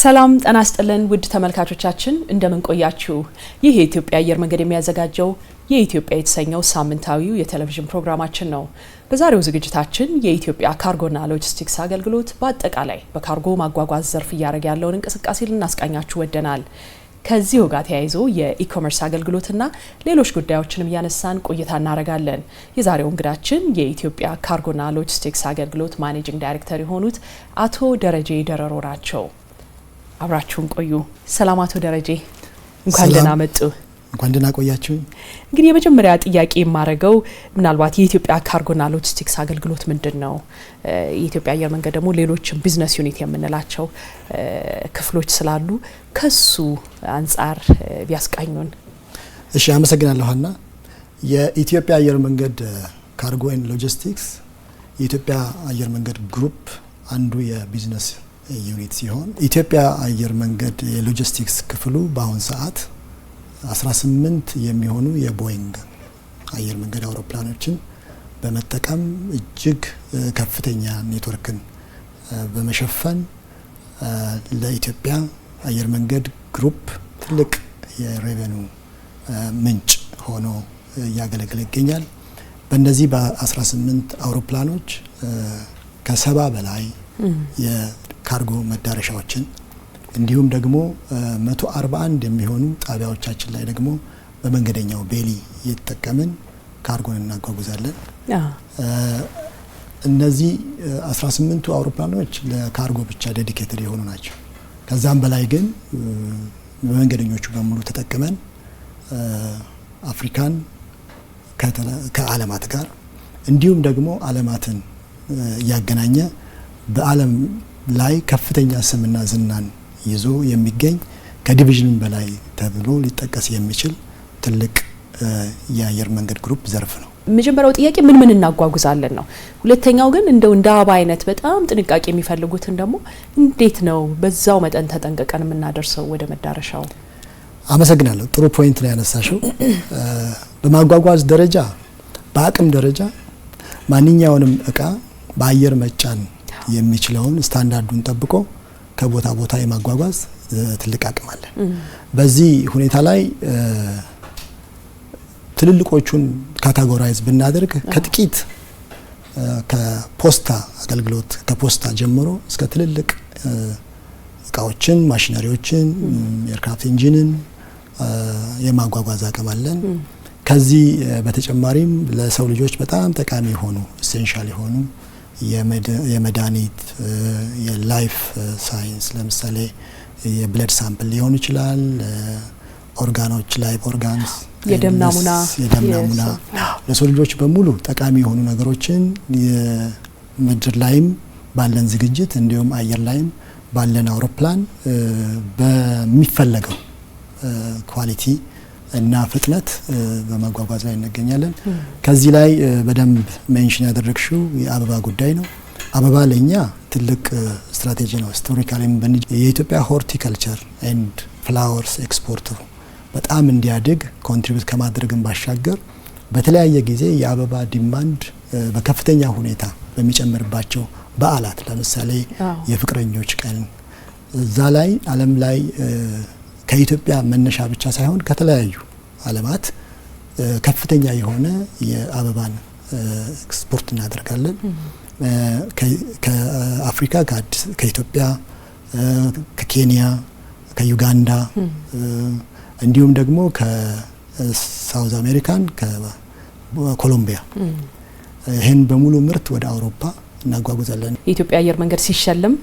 ሰላም ጤና ይስጥልን ውድ ተመልካቾቻችን እንደምን ቆያችሁ? ይህ የኢትዮጵያ አየር መንገድ የሚያዘጋጀው የኢትዮጵያ የተሰኘው ሳምንታዊው የቴሌቪዥን ፕሮግራማችን ነው። በዛሬው ዝግጅታችን የኢትዮጵያ ካርጎና ሎጂስቲክስ አገልግሎት በአጠቃላይ በካርጎ ማጓጓዝ ዘርፍ እያደረገ ያለውን እንቅስቃሴ ልናስቃኛችሁ ወደናል። ከዚሁ ጋር ተያይዞ የኢኮመርስ አገልግሎትና ሌሎች ጉዳዮችንም እያነሳን ቆይታ እናደርጋለን። የዛሬው እንግዳችን የኢትዮጵያ ካርጎና ሎጂስቲክስ አገልግሎት ማኔጂንግ ዳይሬክተር የሆኑት አቶ ደረጀ ደረሮ ናቸው። አብራችሁን ቆዩ። ሰላም አቶ ደረጀ እንኳን ደህና መጡ። እንኳን ደህና ቆያችሁ። እንግዲህ የመጀመሪያ ጥያቄ የማደርገው ምናልባት የኢትዮጵያ ካርጎና ሎጂስቲክስ አገልግሎት ምንድን ነው? የኢትዮጵያ አየር መንገድ ደግሞ ሌሎችም ቢዝነስ ዩኒት የምንላቸው ክፍሎች ስላሉ ከሱ አንጻር ቢያስቃኙን። እሺ፣ አመሰግናለሁ ሀና። የኢትዮጵያ አየር መንገድ ካርጎ ኤንድ ሎጂስቲክስ የኢትዮጵያ አየር መንገድ ግሩፕ አንዱ የቢዝነስ ዩኒት ሲሆን ኢትዮጵያ አየር መንገድ የሎጂስቲክስ ክፍሉ በአሁን ሰዓት 18 የሚሆኑ የቦይንግ አየር መንገድ አውሮፕላኖችን በመጠቀም እጅግ ከፍተኛ ኔትወርክን በመሸፈን ለኢትዮጵያ አየር መንገድ ግሩፕ ትልቅ የሬቨኑ ምንጭ ሆኖ እያገለገለ ይገኛል። በእነዚህ በ18 አውሮፕላኖች ከሰባ በላይ ካርጎ መዳረሻዎችን እንዲሁም ደግሞ 141 የሚሆኑ ጣቢያዎቻችን ላይ ደግሞ በመንገደኛው ቤሊ እየተጠቀምን ካርጎን እናጓጉዛለን። እነዚህ 18ቱ አውሮፕላኖች ለካርጎ ብቻ ዴዲኬትድ የሆኑ ናቸው። ከዛም በላይ ግን በመንገደኞቹ በሙሉ ተጠቅመን አፍሪካን ከዓለማት ጋር እንዲሁም ደግሞ ዓለማትን እያገናኘ በዓለም ላይ ከፍተኛ ስምና ዝናን ይዞ የሚገኝ ከዲቪዥን በላይ ተብሎ ሊጠቀስ የሚችል ትልቅ የአየር መንገድ ግሩፕ ዘርፍ ነው። መጀመሪያው ጥያቄ ምን ምን እናጓጉዛለን ነው። ሁለተኛው ግን እንደው እንደ አበባ አይነት በጣም ጥንቃቄ የሚፈልጉትን ደግሞ እንዴት ነው በዛው መጠን ተጠንቅቀን የምናደርሰው ወደ መዳረሻው? አመሰግናለሁ። ጥሩ ፖይንት ነው ያነሳሽው። በማጓጓዝ ደረጃ በአቅም ደረጃ ማንኛውንም እቃ በአየር መጫን የሚችለውን ስታንዳርዱን ጠብቆ ከቦታ ቦታ የማጓጓዝ ትልቅ አቅም አለን። በዚህ ሁኔታ ላይ ትልልቆቹን ካታጎራይዝ ብናደርግ ከጥቂት ከፖስታ አገልግሎት ከፖስታ ጀምሮ እስከ ትልልቅ እቃዎችን፣ ማሽነሪዎችን፣ ኤርክራፍት ኢንጂንን የማጓጓዝ አቅም አለን። ከዚህ በተጨማሪም ለሰው ልጆች በጣም ጠቃሚ የሆኑ ኢሴንሻል የሆኑ የመድኃኒት የላይፍ ሳይንስ ለምሳሌ የብለድ ሳምፕል ሊሆን ይችላል። ኦርጋኖች ላይ ኦርጋንስ የደም ናሙና ለሰው ልጆች በሙሉ ጠቃሚ የሆኑ ነገሮችን የምድር ላይም ባለን ዝግጅት እንዲሁም አየር ላይም ባለን አውሮፕላን በሚፈለገው ኳሊቲ እና ፍጥነት በመጓጓዝ ላይ እንገኛለን። ከዚህ ላይ በደንብ ሜንሽን ያደረግሽው የአበባ ጉዳይ ነው። አበባ ለእኛ ትልቅ ስትራቴጂ ነው። ስቶሪካሊም የኢትዮጵያ ሆርቲካልቸር ኤንድ ፍላወርስ ኤክስፖርቱ በጣም እንዲያድግ ኮንትሪቢዩት ከማድረግን ባሻገር በተለያየ ጊዜ የአበባ ዲማንድ በከፍተኛ ሁኔታ በሚጨምርባቸው በዓላት ለምሳሌ የፍቅረኞች ቀን እዛ ላይ ዓለም ላይ ከኢትዮጵያ መነሻ ብቻ ሳይሆን ከተለያዩ ዓለማት ከፍተኛ የሆነ የአበባን ኤክስፖርት እናደርጋለን። ከአፍሪካ ከኢትዮጵያ፣ ከኬንያ፣ ከዩጋንዳ እንዲሁም ደግሞ ከሳውዝ አሜሪካን፣ ከኮሎምቢያ ይህን በሙሉ ምርት ወደ አውሮፓ እናጓጉዛለን። የኢትዮጵያ አየር መንገድ ሲሸለም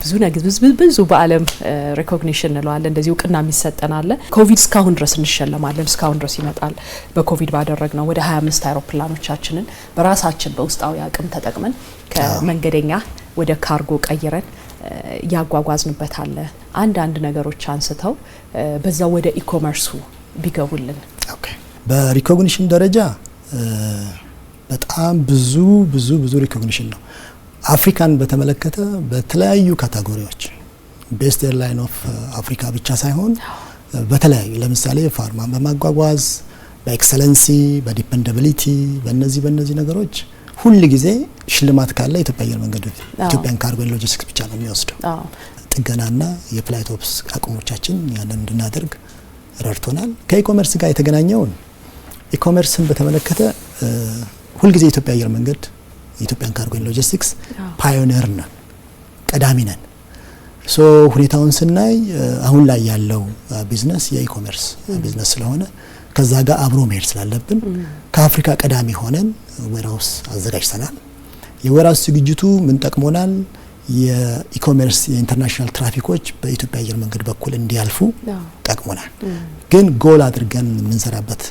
ብዙ ብዙ በዓለም ሪኮግኒሽን እንለዋለን እንደዚህ እውቅና የሚሰጠን አለ። ኮቪድ እስካሁን ድረስ እንሸለማለን፣ እስካሁን ድረስ ይመጣል። በኮቪድ ባደረግነው ወደ 25 አይሮፕላኖቻችንን በራሳችን በውስጣዊ አቅም ተጠቅመን ከመንገደኛ ወደ ካርጎ ቀይረን ያጓጓዝንበታለ አለ። አንዳንድ ነገሮች አንስተው በዛ ወደ ኢኮመርሱ ቢገቡልን በሪኮግኒሽን ደረጃ በጣም ብዙ ብዙ ብዙ ሪኮግኒሽን ነው። አፍሪካን በተመለከተ በተለያዩ ካታጎሪዎች ቤስት ኤርላይን ኦፍ አፍሪካ ብቻ ሳይሆን በተለያዩ ለምሳሌ ፋርማን በማጓጓዝ በኤክሰለንሲ፣ በዲፐንደብሊቲ በእነዚህ በእነዚህ ነገሮች ሁል ጊዜ ሽልማት ካለ ኢትዮጵያ አየር መንገድ ኢትዮጵያን ካርጎ ሎጂስቲክስ ብቻ ነው የሚወስደው። ጥገናና የፍላይት ኦፕስ አቅሞቻችን ያንን እንድናደርግ ረድቶናል። ከኢኮመርስ ጋር የተገናኘውን ኢኮመርስን በተመለከተ ሁልጊዜ የኢትዮጵያ አየር መንገድ የኢትዮጵያን ካርጎን ሎጂስቲክስ ፓዮኒር ነን፣ ቀዳሚ ነን። ሶ ሁኔታውን ስናይ uh, አሁን ላይ ያለው ቢዝነስ የኢኮሜርስ ቢዝነስ ስለሆነ ከዛ ጋር አብሮ መሄድ ስላለብን ከአፍሪካ ቀዳሚ ሆነን ዌርሃውስ አዘጋጅተናል። የዌርሃውስ ዝግጅቱ ምን ጠቅሞናል? የኢኮሜርስ የኢንተርናሽናል ትራፊኮች በኢትዮጵያ አየር መንገድ በኩል እንዲያልፉ ጠቅሞናል። ግን ጎል አድርገን የምንሰራበት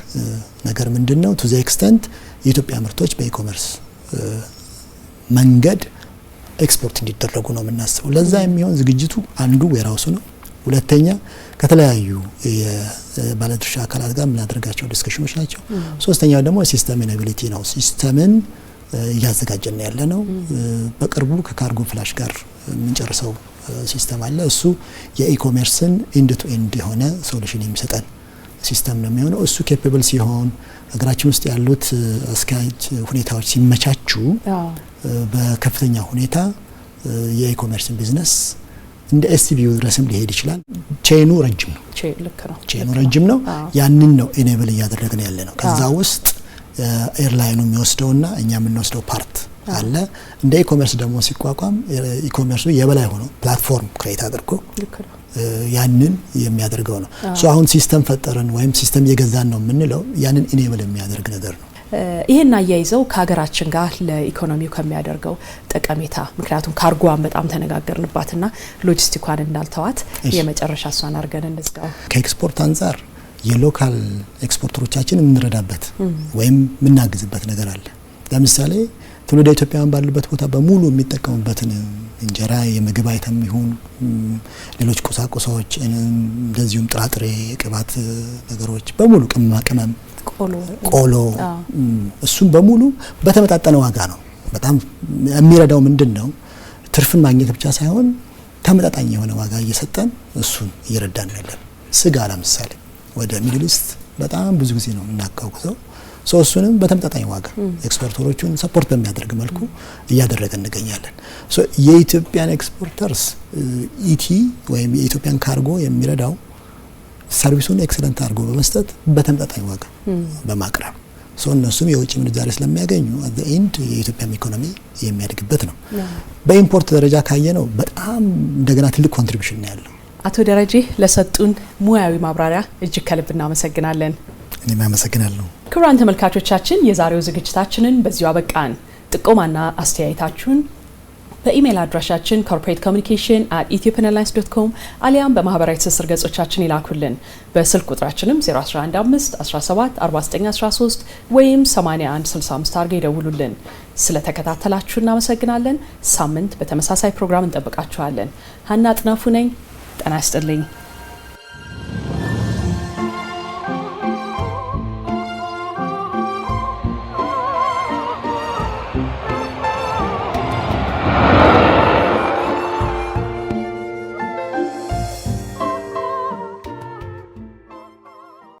ነገር ምንድን ነው? ቱ ዘ ኤክስተንት የኢትዮጵያ ምርቶች በኢኮሜርስ መንገድ ኤክስፖርት እንዲደረጉ ነው የምናስበው። ለዛ የሚሆን ዝግጅቱ አንዱ ዌራውሱ ነው። ሁለተኛ ከተለያዩ የባለድርሻ አካላት ጋር የምናደርጋቸው ዲስከሽኖች ናቸው። ሶስተኛው ደግሞ ሲስተም ኢናቢሊቲ ነው። ሲስተምን እያዘጋጀን ያለ ነው። በቅርቡ ከካርጎ ፍላሽ ጋር የምንጨርሰው ሲስተም አለ። እሱ የኢኮሜርስን ኢንድ ቱ ኢንድ የሆነ ሶሉሽን የሚሰጠን ሲስተም ነው የሚሆነው። እሱ ኬፔብል ሲሆን ሀገራችን ውስጥ ያሉት አስኪያጅ ሁኔታዎች ሲመቻቹ በከፍተኛ ሁኔታ የኢኮሜርስን ቢዝነስ እንደ ኤስቲቪዩ ድረስም ሊሄድ ይችላል። ቼኑ ረጅም ነው፣ ቼኑ ረጅም ነው። ያንን ነው ኢኔብል እያደረግን ያለ ነው ከዛ ውስጥ ኤርላይኑ የሚወስደውና እኛ የምንወስደው ፓርት አለ። እንደ ኢኮሜርስ ደግሞ ሲቋቋም ኢኮሜርሱ የበላይ ሆኖ ፕላትፎርም ክሬት አድርጎ ያንን የሚያደርገው ነው። አሁን ሲስተም ፈጠረን ወይም ሲስተም እየገዛን ነው የምንለው ያንን ኢኔብል የሚያደርግ ነገር ነው። ይህን አያይዘው ከሀገራችን ጋር ለኢኮኖሚው ከሚያደርገው ጠቀሜታ ምክንያቱም ካርጎዋን በጣም ተነጋገርንባትና ሎጂስቲኳን እንዳልተዋት የመጨረሻ እሷን አድርገን እንዝጋው ከኤክስፖርት አንጻር የሎካል ኤክስፖርተሮቻችን የምንረዳበት ወይም የምናግዝበት ነገር አለ። ለምሳሌ ትውልደ ኢትዮጵያውያን ባሉበት ቦታ በሙሉ የሚጠቀሙበትን እንጀራ፣ የምግብ አይተም ይሁን ሌሎች ቁሳቁሶች፣ እንደዚሁም ጥራጥሬ፣ ቅባት ነገሮች በሙሉ ቅመማ ቅመም፣ ቆሎ፣ እሱም በሙሉ በተመጣጠነ ዋጋ ነው። በጣም የሚረዳው ምንድን ነው? ትርፍን ማግኘት ብቻ ሳይሆን ተመጣጣኝ የሆነ ዋጋ እየሰጠን እሱን እየረዳን ያለን። ስጋ ለምሳሌ ወደ ሚድል ኢስት በጣም ብዙ ጊዜ ነው የምናካውዘው። ሰው እሱንም በተመጣጣኝ ዋጋ ኤክስፖርተሮቹን ሰፖርት በሚያደርግ መልኩ እያደረገ እንገኛለን። የኢትዮጵያን ኤክስፖርተርስ ኢቲ ወይም የኢትዮጵያን ካርጎ የሚረዳው ሰርቪሱን ኤክሰለንት አድርጎ በመስጠት በተመጣጣኝ ዋጋ በማቅረብ ሶ እነሱም የውጭ ምንዛሬ ስለሚያገኙ አት ኢንድ የኢትዮጵያም ኢኮኖሚ የሚያድግበት ነው። በኢምፖርት ደረጃ ካየ ነው በጣም እንደገና ትልቅ ኮንትሪቢሽን ነው ያለው አቶ ደረጀ ለሰጡን ሙያዊ ማብራሪያ እጅግ ከልብ እናመሰግናለን። እኔም አመሰግናለሁ። ክቡራን ተመልካቾቻችን የዛሬው ዝግጅታችንን በዚሁ አበቃን። ጥቆማና አስተያየታችሁን በኢሜይል አድራሻችን ኮርፖሬት ኮሚኒኬሽን አት ኢትዮጵያን ኤርላይንስ ዶት ኮም አሊያም በማህበራዊ ትስስር ገጾቻችን ይላኩልን። በስልክ ቁጥራችንም 0115 17 ወይም 8165 አድርገው ይደውሉልን። ስለተከታተላችሁ እናመሰግናለን። ሳምንት በተመሳሳይ ፕሮግራም እንጠብቃችኋለን። ሀና ጥናፉ ነኝ። and I steadily